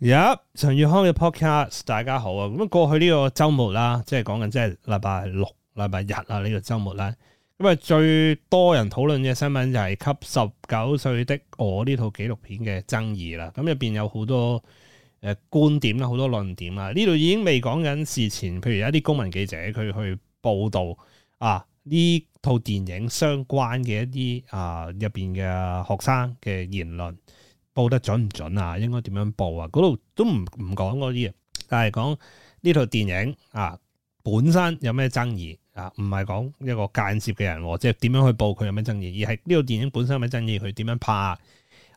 入陳月康嘅 podcast，大家好啊！咁過去呢個周末啦，即係講緊即係禮拜六、禮拜日啊，呢個周末啦。咁啊，最多人討論嘅新聞就係《給十九歲的我》呢套紀錄片嘅爭議啦。咁入邊有好多誒觀點啦，好多論點啦。呢度已經未講緊事前，譬如有一啲公民記者佢去報導啊，呢套電影相關嘅一啲啊入邊嘅學生嘅言論。報得準唔準啊？應該點樣報啊？嗰度都唔唔講嗰啲，但係講呢套電影啊本身有咩爭議啊？唔係講一個間接嘅人，啊、即係點樣去報佢有咩爭議，而係呢套電影本身有咩爭議，佢點樣拍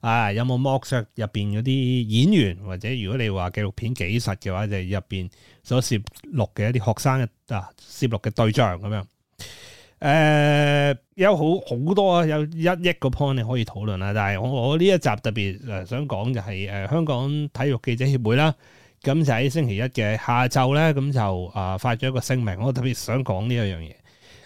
啊？有冇剝削入邊嗰啲演員，或者如果你話紀錄片紀實嘅話，就係入邊所攝錄嘅一啲學生嘅啊攝錄嘅對象咁樣。誒、呃、有好好多啊，有一億個 point 你可以討論啦。但係我我呢一集特別誒想講就係、是、誒、呃、香港體育記者協會啦，咁就喺星期一嘅下晝咧，咁就啊、呃、發咗一個聲明，我特別想講呢一樣嘢。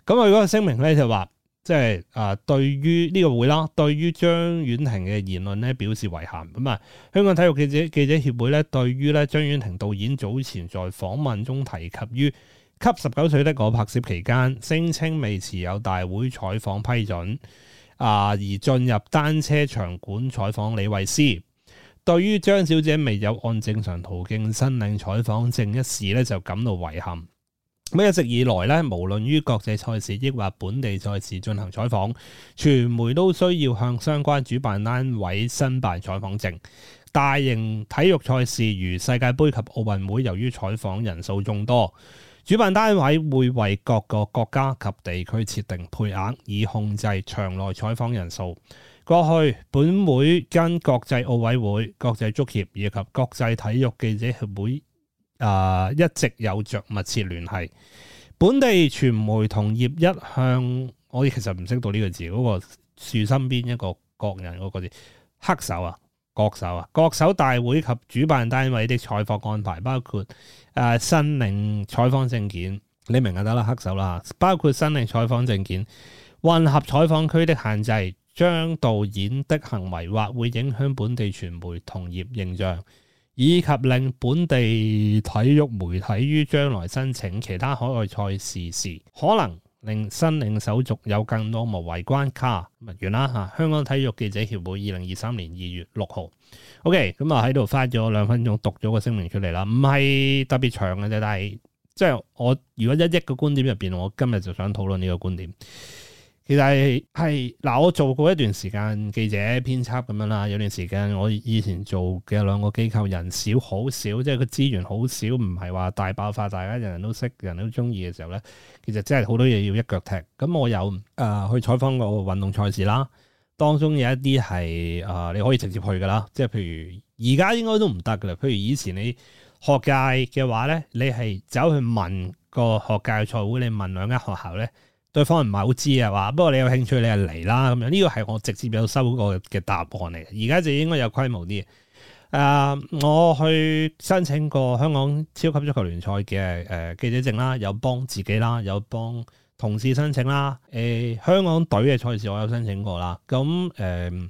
咁、呃、啊，嗰個聲明咧就話，即係啊、呃、對於呢個會啦，對於張婉婷嘅言論咧表示遺憾。咁啊，香港體育記者記者協會咧對於咧張婉婷導演早前在訪問中提及於給十九歲的我拍攝期間，聲稱未持有大會採訪批准，啊，而進入單車場館採訪李慧詩。對於張小姐未有按正常途徑申領採訪證一事呢，就感到遺憾。咁，一直以來呢，無論於國際賽事抑或本地賽事進行採訪，傳媒都需要向相關主辦單位申辦採訪證。大型體育賽事如世界杯及奧運會，由於採訪人數眾多。主辦單位會為各個國家及地區設定配額，以控制場內採訪人數。過去本會跟國際奧委會、國際足協以及國際體育記者會啊、呃、一直有着密切聯繫。本地傳媒同業一向，我哋其實唔識到呢個字，嗰個樹身邊一個國人嗰個字，黑手啊。國手啊，國手大會及主辦單位的採訪安排包括誒申領採訪證件，你明啊得啦，黑手啦，包括申領採訪證件，混合採訪區的限制，將導演的行為或會影響本地傳媒同業形象，以及令本地體育媒體於將來申請其他海外賽事時可能。令申領手續有更多無違關卡，咁完啦嚇。香港體育記者協會二零二三年二月六號，OK，咁啊喺度花咗兩分鐘讀咗個聲明出嚟啦，唔係特別長嘅啫，但係即係我如果一億個觀點入邊，我今日就想討論呢個觀點。其實係嗱，我做過一段時間記者、編輯咁樣啦。有段時間我以前做嘅兩個機構人少，好少，即係個資源好少，唔係話大爆發，大家人人都識、人人都中意嘅時候咧，其實真係好多嘢要一腳踢。咁我有誒、呃、去採訪個運動賽事啦，當中有一啲係誒你可以直接去噶啦，即係譬如而家應該都唔得噶啦。譬如以前你學界嘅話咧，你係走去問個學界嘅賽會，你問兩間學校咧。對方唔係好知啊，話不過你有興趣，你就嚟啦咁樣。呢個係我直接有收過嘅答案嚟。而家就應該有規模啲。誒、呃，我去申請過香港超級足球聯賽嘅誒記者證啦，有幫自己啦，有幫同事申請啦。誒、呃，香港隊嘅賽事我有申請過啦。咁誒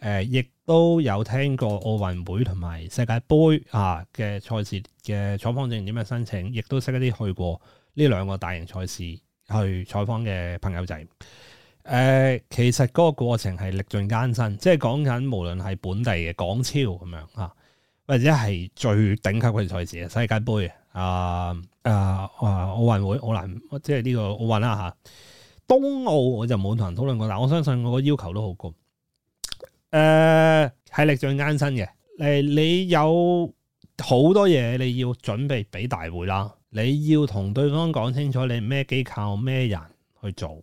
誒，亦、呃、都有聽過奧運會同埋世界盃啊嘅賽事嘅採訪證點樣申請，亦都識一啲去過呢兩個大型賽事，去採訪嘅朋友仔，誒、呃，其實嗰個過程係歷盡艱辛，即係講緊無論係本地嘅港超咁樣，或者係最頂級嘅賽事，世界盃啊啊啊，奧運會好難，即係呢、個奧運啦嚇。東奧，奧我就冇同人討論過，但我相信我個要求都好高，誒係歷盡艱辛嘅，誒、呃、你有好多嘢你要準備俾大會啦。你要同對方講清楚你咩機構咩人去做，誒、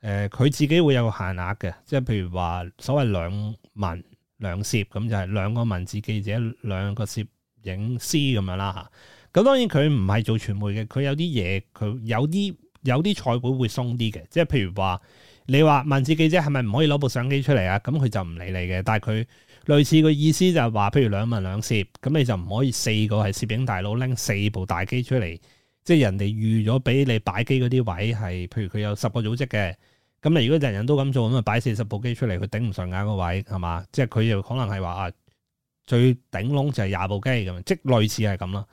呃、佢自己會有個限額嘅，即係譬如話所謂兩文兩攝咁就係兩個文字記者、兩個攝影師咁樣啦嚇。咁當然佢唔係做傳媒嘅，佢有啲嘢佢有啲有啲菜本會鬆啲嘅，即係譬如話你話文字記者係咪唔可以攞部相機出嚟啊？咁佢就唔理你嘅，但係佢。類似個意思就係話，譬如兩文兩攝，咁你就唔可以四個係攝影大佬拎四部大機出嚟，即係人哋預咗俾你擺機嗰啲位係，譬如佢有十個組織嘅，咁你如果人人都咁做，咁啊擺四十部機出嚟，佢頂唔順眼個位係嘛？即係佢又可能係話啊，最頂籠就係廿部機咁，即係類似係咁咯。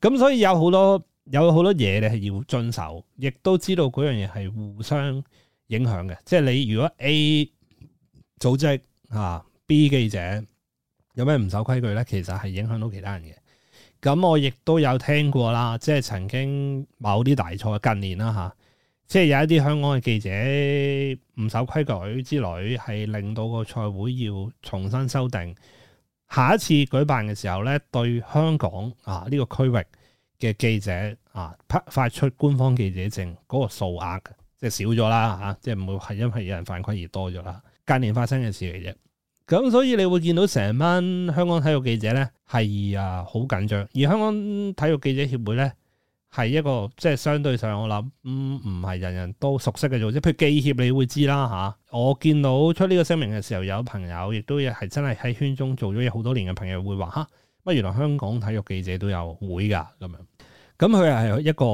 咁所以有好多有好多嘢你係要遵守，亦都知道嗰樣嘢係互相影響嘅。即係你如果 A 組織啊。B 記者有咩唔守規矩咧？其實係影響到其他人嘅。咁我亦都有聽過啦，即係曾經某啲大賽近年啦吓，即係有一啲香港嘅記者唔守規矩之類，係令到個賽會要重新修訂。下一次舉辦嘅時候咧，對香港啊呢個區域嘅記者啊發出官方記者證嗰個數額，即係少咗啦吓，即係唔會係因為有人犯規而多咗啦。近年發生嘅事嚟啫。咁、嗯、所以你會見到成班香港體育記者咧係啊，好緊張，而香港體育記者協會咧係一個即係相對上我諗唔唔係人人都熟悉嘅組織，譬如記協你會知啦嚇、啊。我見到出呢個聲明嘅時候，有朋友亦都係真係喺圈中做咗好多年嘅朋友會話嚇，乜、啊、原來香港體育記者都有會噶咁樣，咁佢係一個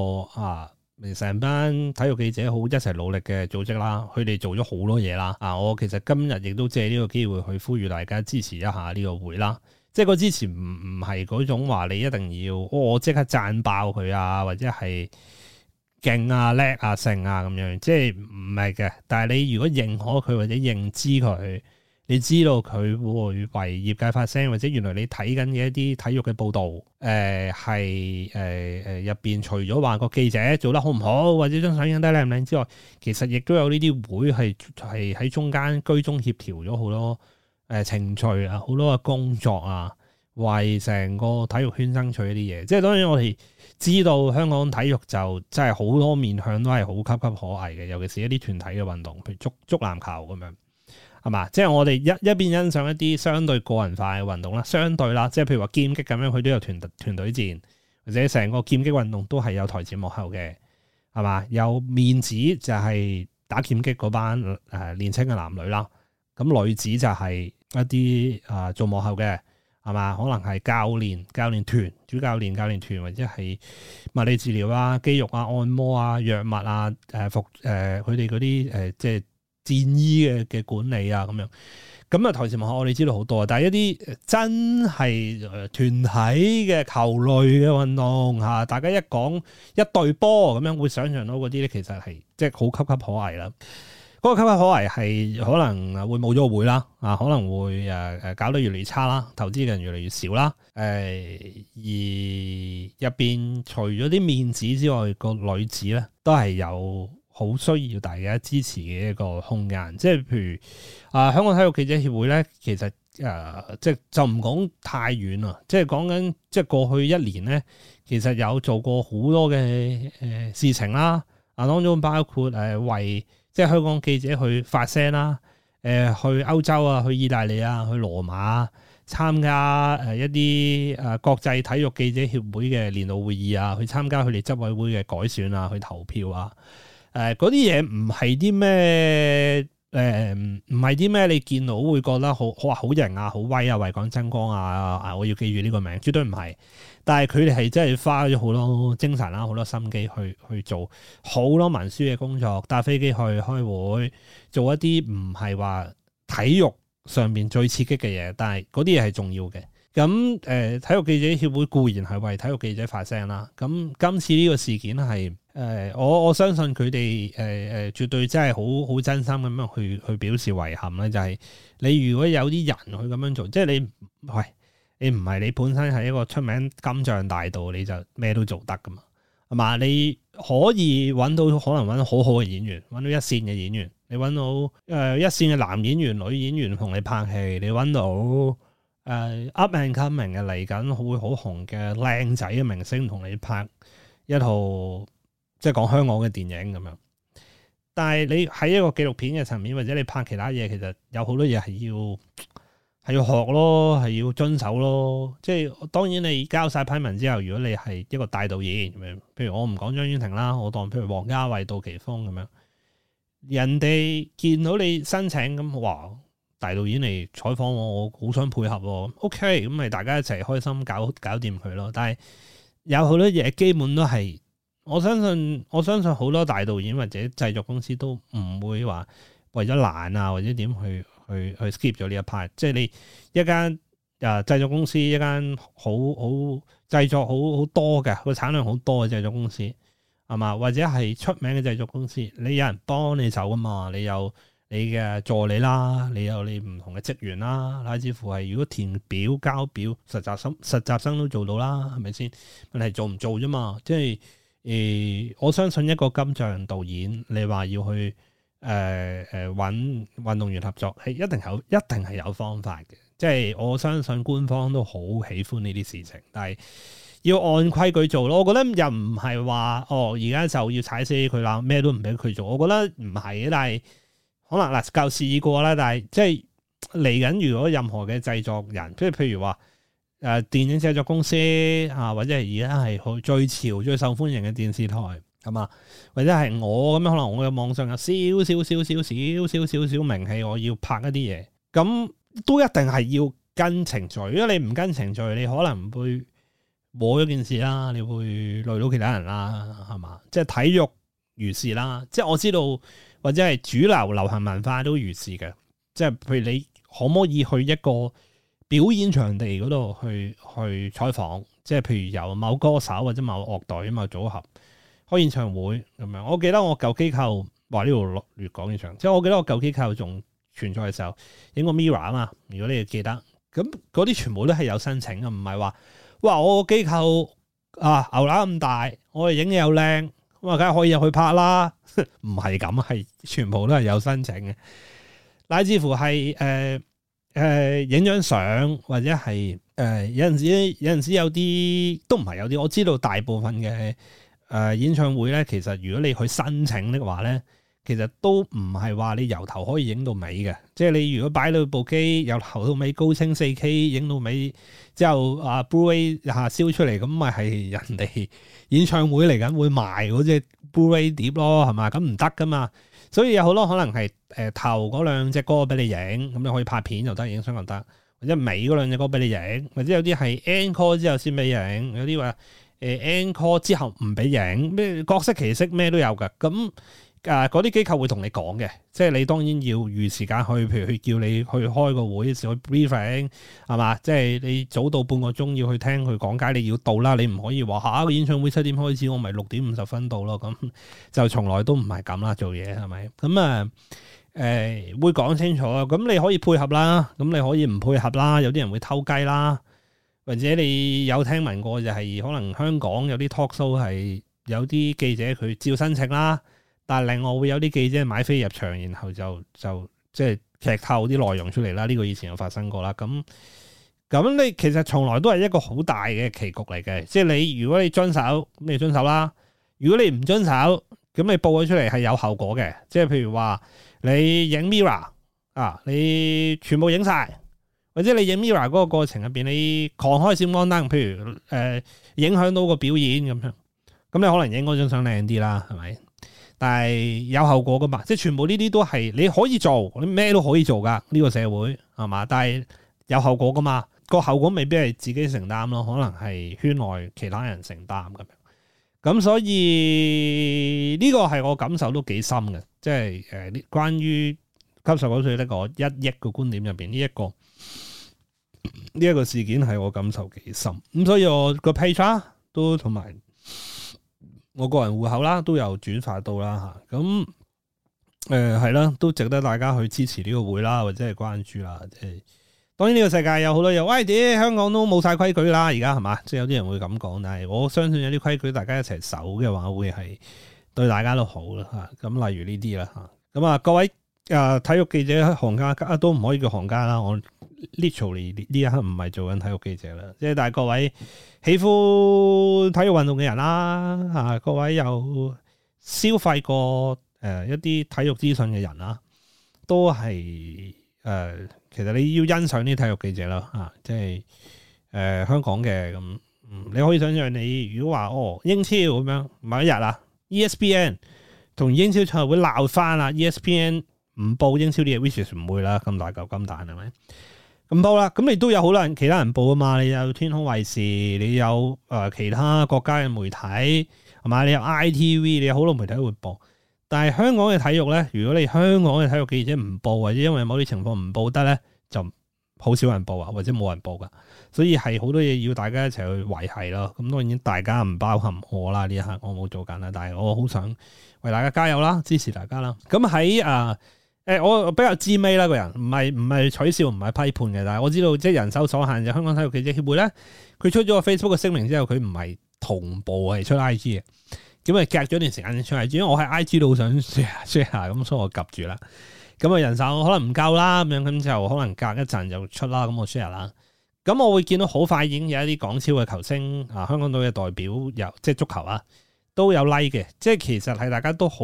啊。成班體育記者好一齊努力嘅組織啦，佢哋做咗好多嘢啦。啊，我其實今日亦都借呢個機會去呼籲大家支持一下呢個會啦。即係個支持唔唔係嗰種話你一定要，哦，我即刻讚爆佢啊，或者係勁啊叻啊成啊咁樣，即係唔係嘅。但係你如果認可佢或者認知佢。你知道佢會為業界發聲，或者原來你睇緊嘅一啲體育嘅報導，誒係誒誒入邊除咗話個記者做得好唔好，或者張相影得靚唔靚之外，其實亦都有呢啲會係係喺中間居中協調咗好多誒程序啊，好多嘅工作啊，為成個體育圈爭取一啲嘢。即係當然我哋知道香港體育就真係好多面向都係好岌岌可危嘅，尤其是一啲團體嘅運動，譬如足足籃球咁樣。係嘛？即係我哋一一邊欣賞一啲相對個人化嘅運動啦，相對啦，即係譬如話劍擊咁樣，佢都有團團隊戰，或者成個劍擊運動都係有台前幕後嘅，係嘛？有面子就係打劍擊嗰班誒、呃、年輕嘅男女啦，咁女子就係一啲誒、呃、做幕後嘅，係嘛？可能係教練、教練團、主教練、教練團，或者係物理治療啦、肌肉啊、按摩啊、藥物啊、誒、呃、服誒佢哋嗰啲誒即係。戰衣嘅嘅管理啊，咁樣咁啊，台前幕後我哋知道好多，但係一啲真係誒團體嘅球類嘅運動嚇，大家一講一隊波咁樣，會想象到嗰啲咧，其實係即係好岌岌可危啦。嗰個岌岌可危係可能會冇咗個會啦，啊，可能會誒誒搞得越嚟越差啦，投資嘅人越嚟越少啦，誒、呃、而入邊除咗啲面子之外，個裏子咧都係有好需要大家支持嘅一個空間，即係譬如啊、呃，香港體育記者協會咧，其實誒、呃，即係就唔講太遠啦，即係講緊即係過去一年咧，其實有做過好多嘅誒、呃、事情啦，啊，當中包括誒、呃、為即係香港記者去發聲啦，誒、呃、去歐洲啊，去意大利啊，去羅馬參加誒一啲誒國際體育記者協會嘅年度會議啊，去參加佢哋執委會嘅改選啊，去投票啊。誒嗰啲嘢唔係啲咩，誒唔係啲咩，呃、你見到會覺得好好話好型啊、好威啊、為港爭光啊，我要記住呢個名，絕對唔係。但係佢哋係真係花咗好多精神啦、啊、好多心機去去做好多文書嘅工作，搭飛機去開會，做一啲唔係話體育上面最刺激嘅嘢，但係嗰啲嘢係重要嘅。咁誒、呃、體育記者協會固然係為體育記者發聲啦、啊。咁今次呢個事件係。誒，我、呃、我相信佢哋誒誒，絕對真係好好真心咁樣去去表示遺憾咧。就係、是、你如果有啲人去咁樣做，即係你喂、呃，你唔係你本身係一個出名金像大導，你就咩都做得㗎嘛，係嘛？你可以揾到可能揾到好好嘅演員，揾到一線嘅演員，你揾到誒、呃、一線嘅男演員、女演員同你拍戲，你揾到誒、呃、upcoming 嚟緊會好紅嘅靚仔嘅明星同你拍一套。即係講香港嘅電影咁樣，但係你喺一個紀錄片嘅層面，或者你拍其他嘢，其實有好多嘢係要係要學咯，係要遵守咯。即係當然你交晒批文之後，如果你係一個大導演，譬如我唔講張婉婷啦，我當譬如王家衛、杜琪峰咁樣，人哋見到你申請咁話大導演嚟，採訪我，我好想配合，OK，咁咪大家一齊開心搞搞掂佢咯。但係有好多嘢基本都係。我相信我相信好多大導演或者製作公司都唔會話為咗懶啊或者點去去去 skip 咗呢一 part。即係你一間啊製作公司一間好好製作好好多嘅個產量好多嘅製作公司係嘛，或者係出名嘅製作公司，你有人幫你手啊嘛，你有你嘅助理啦，你有你唔同嘅職員啦，乃至乎係如果填表交表實習生實習生都做到啦，係咪先？問題做唔做啫嘛，即係。誒、呃，我相信一個金像導演，你話要去誒誒搵運動員合作，係一定有，一定係有方法嘅。即係我相信官方都好喜歡呢啲事情，但係要按規矩做咯。我覺得又唔係話哦，而家就要踩死佢啦，咩都唔俾佢做。我覺得唔係嘅，但係可能嗱，夠試過啦。但係即係嚟緊，如果任何嘅製作人，即係譬如話。誒、啊，電影製作公司啊，或者係而家係去最潮、最受歡迎嘅電視台，係嘛？或者係我咁樣，可能我嘅網上有少少、少少、少少、少少、少少名氣，我要拍一啲嘢，咁都一定係要跟程序。如果你唔跟程序，你可能會冇咗件事啦，你會累到其他人啦，係嘛？即係體育如是啦，即係我知道，或者係主流流行文化都如是嘅。即係譬如你可唔可以去一個？表演場地嗰度去去採訪，即係譬如由某歌手或者某樂隊啊嘛組合開演唱會咁樣。我記得我舊機構話呢度落粵港現場，即係我記得我舊機構仲存在嘅時候影過 mirror 啊嘛。如果你記得，咁嗰啲全部都係有申請嘅，唔係話哇我個機構啊牛奶咁大，我哋影嘢又靚，咁啊梗係可以入去拍啦。唔係咁，係全部都係有申請嘅，乃至乎係誒。呃誒影、呃、張相或者係誒有陣時有陣時有啲都唔係有啲，我知道大部分嘅誒、呃、演唱會咧，其實如果你去申請嘅話咧，其實都唔係話你由頭可以影到尾嘅，即係你如果擺到部機由頭到尾高清四 K 影到尾之後啊，Blu-ray 下燒出嚟咁，咪係人哋演唱會嚟緊會賣嗰隻 Blu-ray 碟咯，係嘛？咁唔得噶嘛。所以有好多可能係誒、呃、頭嗰兩隻歌俾你影，咁、嗯、你可以拍片就得，影相就得；或者尾嗰兩隻歌俾你影，或者有啲係 encore 之後先俾影，有啲話誒 encore 之後唔俾影，咩、呃、角色其色咩都有噶，咁、嗯。啊！嗰啲機構會同你講嘅，即係你當然要預時間去，譬如去叫你去開個會，去 briefing 係嘛？即係你早到半個鐘要去聽佢講解，你要到啦。你唔可以話下一個演唱會七點開始，我咪六點五十分到咯。咁、嗯、就從來都唔係咁啦，做嘢係咪？咁啊誒會講清楚啊。咁你可以配合啦，咁你可以唔配，配合啦。有啲人會偷雞啦，或者你有聽聞過就係、是、可能香港有啲 talk show 係有啲記者佢照申請啦。但係另外會有啲記者買飛入場，然後就就即係、就是、劇透啲內容出嚟啦。呢、這個以前有發生過啦。咁咁你其實從來都係一個好大嘅棋局嚟嘅。即係你如果你遵守，你遵守啦；如果你唔遵守，咁你報咗出嚟係有效果嘅。即係譬如話你影 mirror 啊，你全部影晒，或者你影 mirror 嗰個過程入邊你狂開閃光燈，譬如誒、呃、影響到個表演咁樣，咁你可能影嗰張相靚啲啦，係咪？但係有後果噶嘛？即係全部呢啲都係你可以做，你咩都可以做噶。呢、這個社會係嘛？但係有後果噶嘛？個後果未必係自己承擔咯，可能係圈內其他人承擔咁樣。咁所以呢、這個係我感受都幾深嘅，即係誒、呃，關於十九歲呢個一億嘅觀點入邊呢一個呢一、這個事件係我感受幾深。咁所以我個批差都同埋。我個人戶口啦，都有轉發到啦吓，咁誒係啦，都值得大家去支持呢個會啦，或者係關注啦。即、嗯、係當然呢個世界有好多嘢。喂、哎，啲香港都冇晒規矩啦，而家係嘛，即係有啲人會咁講，但係我相信有啲規矩大家一齊守嘅話，會係對大家都好啦吓。咁、啊啊、例如呢啲啦吓，咁啊，啊各位，誒、呃，體育記者行家，啊、都唔可以叫行家啦。我 literally 呢一刻唔係做緊體育記者啦，即係，但係各位喜歡體育運動嘅人啦、啊，吓、啊、各位有消費過誒、呃、一啲體育資訊嘅人啦、啊，都係誒、呃，其實你要欣賞啲體育記者啦，吓、啊、即係誒、呃、香港嘅咁、嗯，你可以想象，你如果話哦英超咁樣某一日啊，ESPN 同英超賽會鬧翻啦，ESPN。ES 唔報英超啲嘢 v i s h e s 唔會啦，咁大嚿金蛋係咪？咁報啦，咁你都有好多人其他人報啊嘛，你有天空衞視，你有誒、呃、其他國家嘅媒體係咪？你有 ITV，你有好多媒體會報。但係香港嘅體育咧，如果你香港嘅體育記者唔報，或者因為某啲情況唔報得咧，就好少人報啊，或者冇人報噶。所以係好多嘢要大家一齊去維繫咯。咁當然大家唔包含我啦，呢一刻我冇做緊啦，但係我好想為大家加油啦，支持大家啦。咁喺誒。呃誒、欸,我比較知微啦，個人唔係，唔係取笑，唔係批判嘅，但係我知道即係人手所限，就香港體育記者協會咧，佢出咗個 Facebook 嘅聲明之後，佢唔係同步係出 I G 嘅，咁啊隔咗段時間先出 I G，因為我喺 I G 都好想 share share 咁，所以我夾住啦，咁啊人手可能唔夠啦，咁樣咁就可能隔一陣就出啦，咁我 share 啦，咁我會見到好快已經有一啲港超嘅球星啊，香港隊嘅代表又即係足球啊，都有 like 嘅，即係其實係大家都好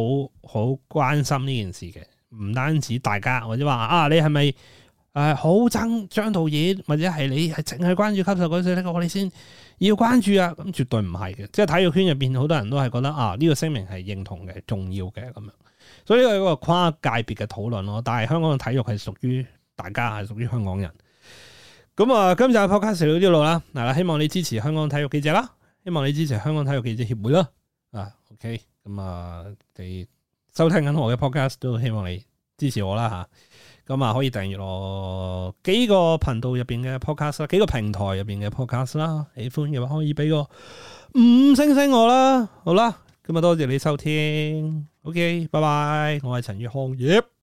好關心呢件事嘅。唔單止大家或者話啊，你係咪誒好憎張導演，或者係你係淨係關注吸收嗰啲呢咧？我哋先要關注啊，咁、嗯、絕對唔係嘅。即係體育圈入邊好多人都係覺得啊，呢、這個聲明係認同嘅，重要嘅咁樣。所以呢個係一個跨界別嘅討論咯。但係香港嘅體育係屬於大家，係屬於香港人。咁、嗯、啊，今日嘅 podcast 就呢度啦。嗱，希望你支持香港體育記者啦，希望你支持香港體育記者協會啦。啊，OK，咁、嗯、啊，你，收聽緊我嘅 podcast 都希望你支持我啦，吓，咁，啊可以訂閱我幾個頻道入邊嘅 podcast 啦，幾個平台入邊嘅 podcast 啦，喜歡嘅話可以俾個五星星我啦，好啦，咁，啊多謝你收聽，OK，拜拜，我係陳宇康，yeah。